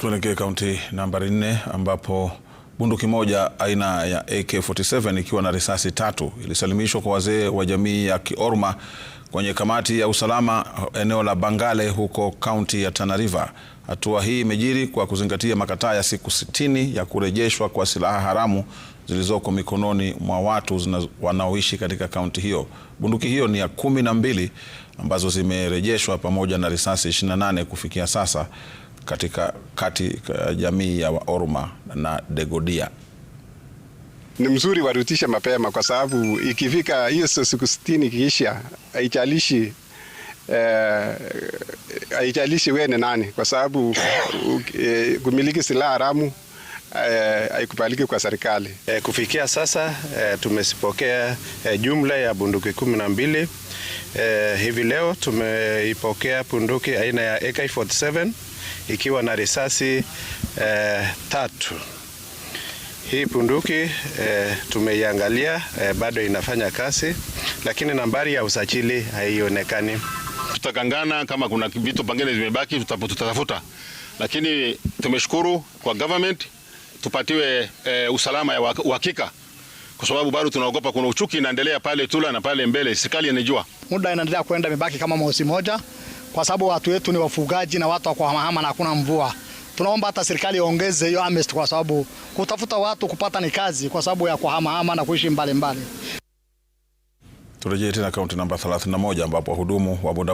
Tuelekee kaunti nambari nne ambapo bunduki moja aina ya AK47 ikiwa na risasi tatu ilisalimishwa kwa wazee wa jamii ya Kiorma kwenye kamati ya usalama eneo la Bangale huko kaunti ya Tana River. Hatua hii imejiri kwa kuzingatia makataa ya siku sitini ya kurejeshwa kwa silaha haramu zilizoko mikononi mwa watu wanaoishi katika kaunti hiyo. Bunduki hiyo ni ya kumi na mbili ambazo zimerejeshwa pamoja na risasi 28 kufikia sasa katika kati uh, jamii ya Waorma na Degodia. Ni mzuri warutishe mapema, kwa sababu ikifika hiyo siku sitini kiisha, haijalishi eh, haijalishi uh, wewe ni nani, kwa sababu eh, kumiliki silaha haramu Eh, haikubaliki kwa serikali. E, Kufikia sasa e, tumesipokea jumla ya bunduki kumi na mbili. E, Hivi leo tumeipokea bunduki aina ya AK47 ikiwa na risasi e, tatu. Hii bunduki e, tumeiangalia e, bado inafanya kazi, lakini nambari ya usajili haionekani. Tutakangana kama kuna vitu pengine zimebaki, tutatafuta, lakini tumeshukuru kwa government tupatiwe e, usalama ya uhakika, kwa sababu bado tunaogopa. Kuna uchuki inaendelea pale Tula na pale mbele, serikali inajua muda inaendelea kwenda, mibaki kama mwezi moja, kwa sababu watu wetu ni wafugaji na watu wa kuhamahama na hakuna mvua. Tunaomba hata serikali iongeze hiyo amnesty, kwa sababu kutafuta watu kupata ni kazi, kwa sababu ya kuhamahama na kuishi mbalimbali. Turejee tena kaunti namba 31 ambapo wahudumu wa boda